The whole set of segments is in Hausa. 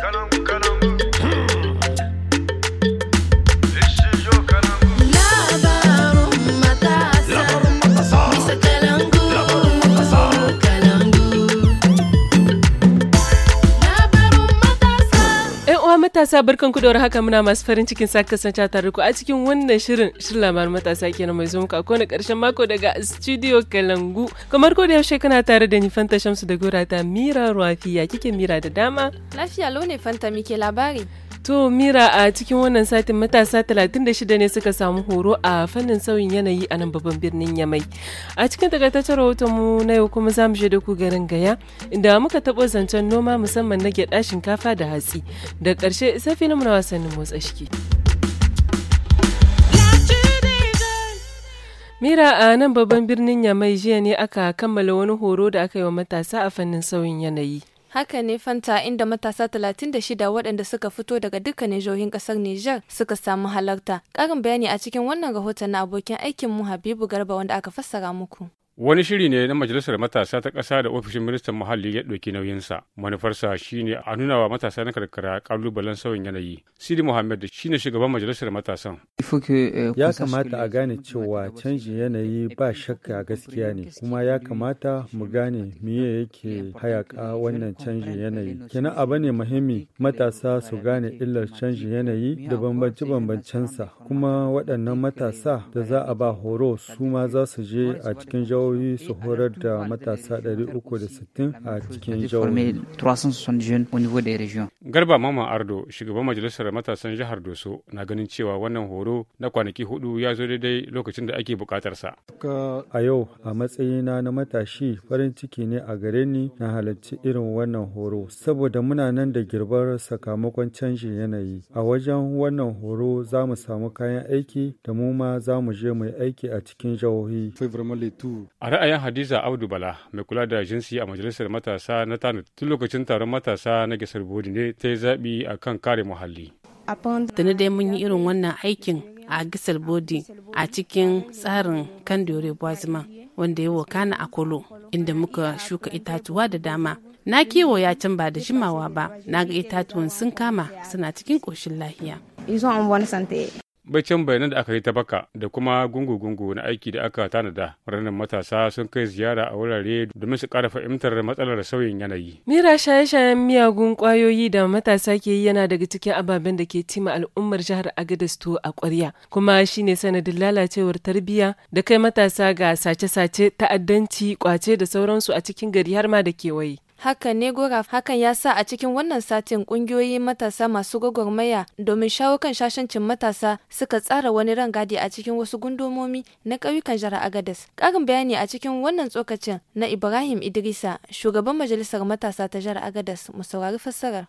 Calum, calum. matasa barkan kudawar haka muna masu farin cikin sa kasance tare ku a cikin wannan shirin shirin labar matasa kenan mai zuwa ko na karshen mako daga studio Kalangu kamar ko da yaushe kana tare da ni Fanta Shamsu da Gora ta Mira Rafiya kike Mira da dama lafiya lo ne Fanta mike labari To Mira a cikin wannan satin matasa 36 ne suka samu horo a fannin sauyin yanayi a nan babban birnin Yamai. A cikin takaitaccen rahoton mu na yau kuma za je da ku garin Gaya inda muka taɓo zancen noma musamman na gyaɗa shinkafa da hatsi. Da ƙarshe sai filin na wasannin motsa shike. Mira a nan babban birnin Yamai jiya ne aka kammala wani horo da aka yi wa matasa a fannin sauyin yanayi. Haka ne Fanta inda matasa 36 waɗanda suka fito daga dukkanin jihohin ƙasar Nijar suka samu halarta. Ƙarin bayani a cikin wannan rahoton na abokin aikin mu Habibu Garba wanda aka fassara muku. Wani shiri ne na Majalisar Matasa ta ƙasa da Ofishin Ministan Muhalli ya ɗauki nauyinsa. Manufarsa ne a nuna wa matasa na karkara ƙalubalen sauyin yanayi. Sidi Muhammad ne shugaban Majalisar Matasan. Eh, ya kamata a gane cewa canjin yanayi ba shakka gaskiya ne, kuma ya kamata mu gane miye yake hayaka wannan canjin yanayi. Kenan abu ne muhimmi matasa su gane illar canjin yanayi da bambance-bambancensa, kuma waɗannan matasa da za a ba horo su ma za su je a cikin jawo ƙungiyoyi su horar da matasa 360 a cikin Garba Mama Ardo, shugaban majalisar matasan jihar Doso, na ganin cewa wannan horo na kwanaki hudu ya zo daidai lokacin da ake bukatarsa. A yau a matsayina na matashi farin ciki ne a gare ni na halarci irin wannan horo saboda muna nan da girbar sakamakon canji yanayi. A wajen wannan horo za mu samu kayan aiki da mu ma za mu je mu aiki a cikin jihohi. A ra'ayin Hadiza Audu Bala, mai kula da jinsi a Majalisar Matasa na Tanit, tun lokacin taron matasa na Gisar Bodi ne ta yi zaɓi a kan kare muhalli. Tuni dai mun yi irin wannan aikin a Gisar Bodi a cikin tsarin dore Boazima wanda ya wakana a Kolo, inda muka shuka itatuwa da dama. Na ya can ba da jimawa ba, na ga itatuwan sun kama suna cikin ƙoshin lahiya. baccin bayanan da aka yi ta baka da kuma gungu-gungu na aiki da aka tanada ranar matasa sun kai ziyara a wurare domin su kara fahimtar matsalar sauyin yanayi. Mira shaye-shayen miyagun kwayoyi da matasa ke yi yana daga cikin ababen da ke cima al'ummar jihar Agadez to a kwarya kuma shi ne sanadin lalacewar tarbiyya da kai matasa ga sace-sace ta'addanci kwace da sauransu a cikin gari har ma da kewaye. hakan ne Goraf, hakan ya sa a cikin wannan satin kungiyoyi matasa masu gwagwarmaya domin shawo kan shashancin matasa suka tsara wani rangadi a cikin wasu gundumomi na ƙauyukan jihar Agadas. Ƙarin bayani a cikin wannan tsokacin na Ibrahim Idrisa, shugaban majalisar matasa ta jihar Agadas, mu saurari fassarar.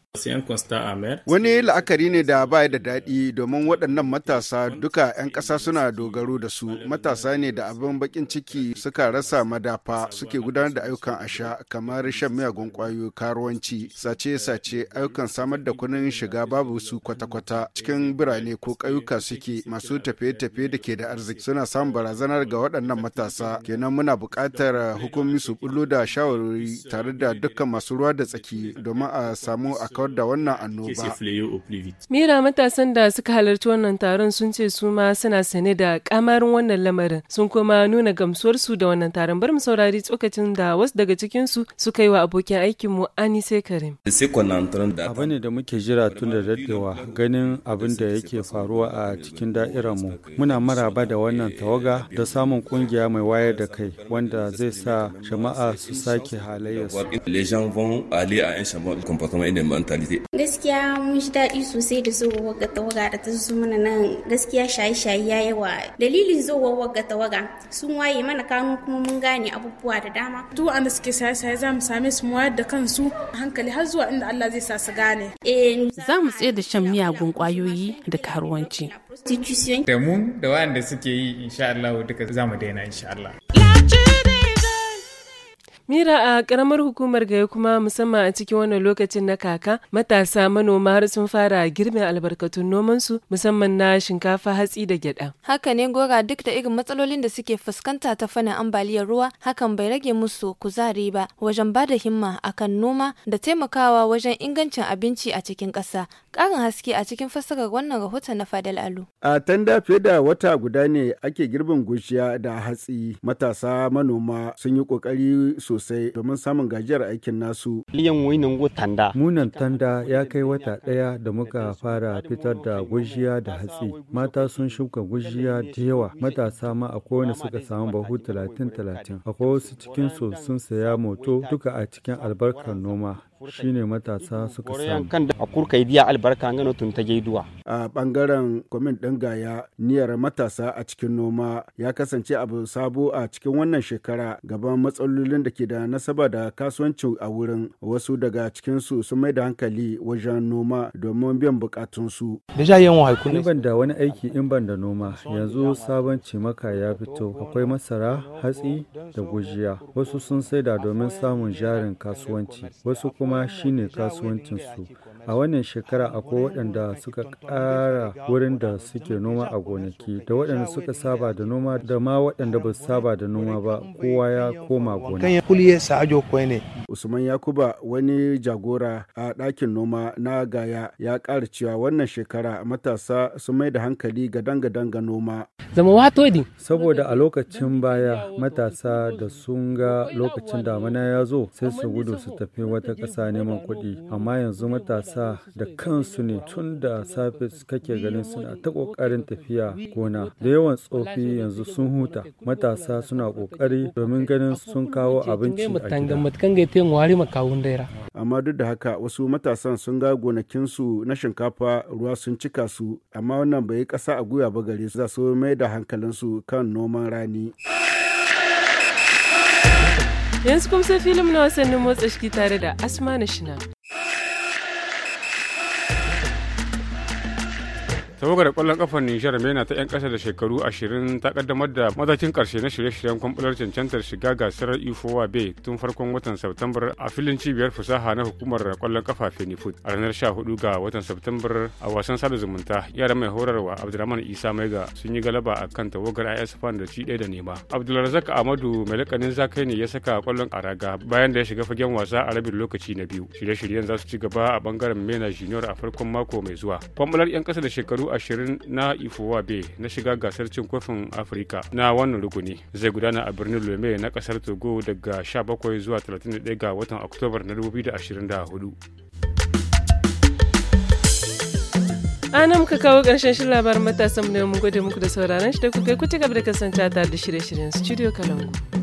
Wani la'akari ne da ba da daɗi domin waɗannan matasa duka 'yan ƙasa suna dogaro da su. Matasa ne da abin bakin ciki suka rasa madafa suke gudanar da ayyukan asha kamar shan miyagun miyagun ƙwayoyi karuwanci sace-sace ayyukan samar da kudin shiga babu su kwata-kwata cikin birane ko ƙauyuka suke masu tafiye-tafiye da ke da arziki suna samun barazanar ga waɗannan matasa kenan muna buƙatar hukumi su bullo da shawarwari tare da dukkan masu ruwa da tsaki domin a samu a kawar da wannan annoba. Mira matasan da suka halarci wannan taron sun ce su ma suna sane da kamarin wannan lamarin sun kuma nuna gamsuwarsu da wannan taron bari mu saurari tsokacin da wasu daga cikinsu suka yi wa abokin abokin aikin mu Anise Karim. Abu ne da muke jira tun da daddawa ganin abin da yake faruwa a cikin da'irar mu. Muna maraba da wannan tawaga da samun kungiya mai wayar da kai wanda zai sa jama'a su sake halayyarsu. Gaskiya mun ji daɗi sosai da zowar ga tawaga da ta zo mana nan gaskiya shaye-shaye ya yawa. Dalilin zowar ga tawaga sun waye mana kanu kuma mun gane abubuwa da dama. Duk da suke shaye-shaye za mu same su wayar da kansu a hankali har zuwa inda Allah zai sa su gane. Za mu tsaye da shan miyagun kwayoyi da karuwanci. Da mu da waɗanda suke yi insha Allah duka za mu daina insha Allah. Mira a karamar hukumar gaya kuma musamman a cikin wannan lokacin na kaka matasa manoma har sun fara girbin albarkatun nomansu musamman na shinkafa hatsi da gyada. Haka ne gora duk da irin matsalolin da suke fuskanta ta fannin ambaliyar ruwa hakan bai rage musu kuzari ba wajen ba da himma akan noma da taimakawa wajen ingancin abinci a cikin ƙasa. Ƙarin haske a cikin fassarar wannan rahoton na Fadal Alu. A tanda fiye da wata guda ne ake girbin gushiya da hatsi matasa manoma sun yi ƙoƙari sosai domin samun gajiyar aikin nasu. Munan tanda ya kai wata ɗaya da muka fara fitar da gujiya da hatsi. Mata sun shuka gujiya da yawa. Matasa ma a kowane suka samu bahu talatin talatin. Akwai wasu cikin su sun saya moto duka a cikin albarkar noma. shine matasa suka samu a kurka diya albarka gano tun ta gaiduwa a bangaren kwamin ɗin gaya niyyar matasa a cikin noma ya kasance abu sabo a cikin wannan shekara gaban matsalolin da ke da nasaba da kasuwanci a wurin wasu daga cikinsu sun mai da hankali wajen noma domin biyan bukatunsu. Deja ban da wani aiki in ban da noma yanzu sabon cimaka ya fito akwai masara hatsi da gujiya wasu sun saida domin samun jarin kasuwanci wasu kuma kuma shi ne su. a wannan shekara akwai waɗanda suka ƙara wurin da suke noma a gonaki da waɗanda suka saba da noma da ma waɗanda ba su saba da noma ba kowa ya koma gona usman yakuba wani jagora a ɗakin noma na gaya ya ƙara cewa wannan shekara matasa sun mai da hankali ga danga-danga noma zama wato saboda a lokacin baya matasa da sun ga lokacin damana ya zo sai su gudu su tafi wata ƙasa neman kuɗi amma yanzu matasa matasa da kansu ne tun da safe kake ganin suna ta kokarin tafiya gona da yawan tsofi yanzu sun huta matasa suna ƙoƙari domin ganin sun kawo abinci a gida. Amma duk da haka wasu matasan sun ga gonakinsu na shinkafa ruwa sun cika su amma wannan bai yi ƙasa a guya ba gare su za su mai da hankalinsu kan noman rani. Yanzu kuma sai filin na wasannin motsa shi tare da Asma na Shina. tawagar kwallon kafar nishar mena ta 'yan kasa da shekaru 20 ta kaddamar da matakin karshe na shirye-shiryen kwamfular cancantar shiga gasar ifowa e bay tun farkon watan september a filin cibiyar fasaha na hukumar kwallon kafa fenifood a ranar 14 ga watan september a wasan sada zumunta yara mai horarwa abdulrahman isa maiga sun yi galaba a kan tawagar is fan da ci da nema abdulrazak amadu mai lakanin zakai ne ya saka kwallon a raga bayan da ya shiga fagen wasa a rabin lokaci na biyu shirye-shiryen za su ci gaba a bangaren mena junior a farkon mako mai zuwa kwamfular 'yan kasa da shekaru ashirin na bay na shiga gasar cin kofin afirka na wannan rukuni zai gudana a birnin lome na kasar togo daga 17 zuwa 31 ga watan oktobar na 2024 ana muka kawo karshen shirin labarin matasan mu ne mun gode muku da sauraron shi da kuka ku ci gaba da kasance tare da shirye-shiryen studio kalangu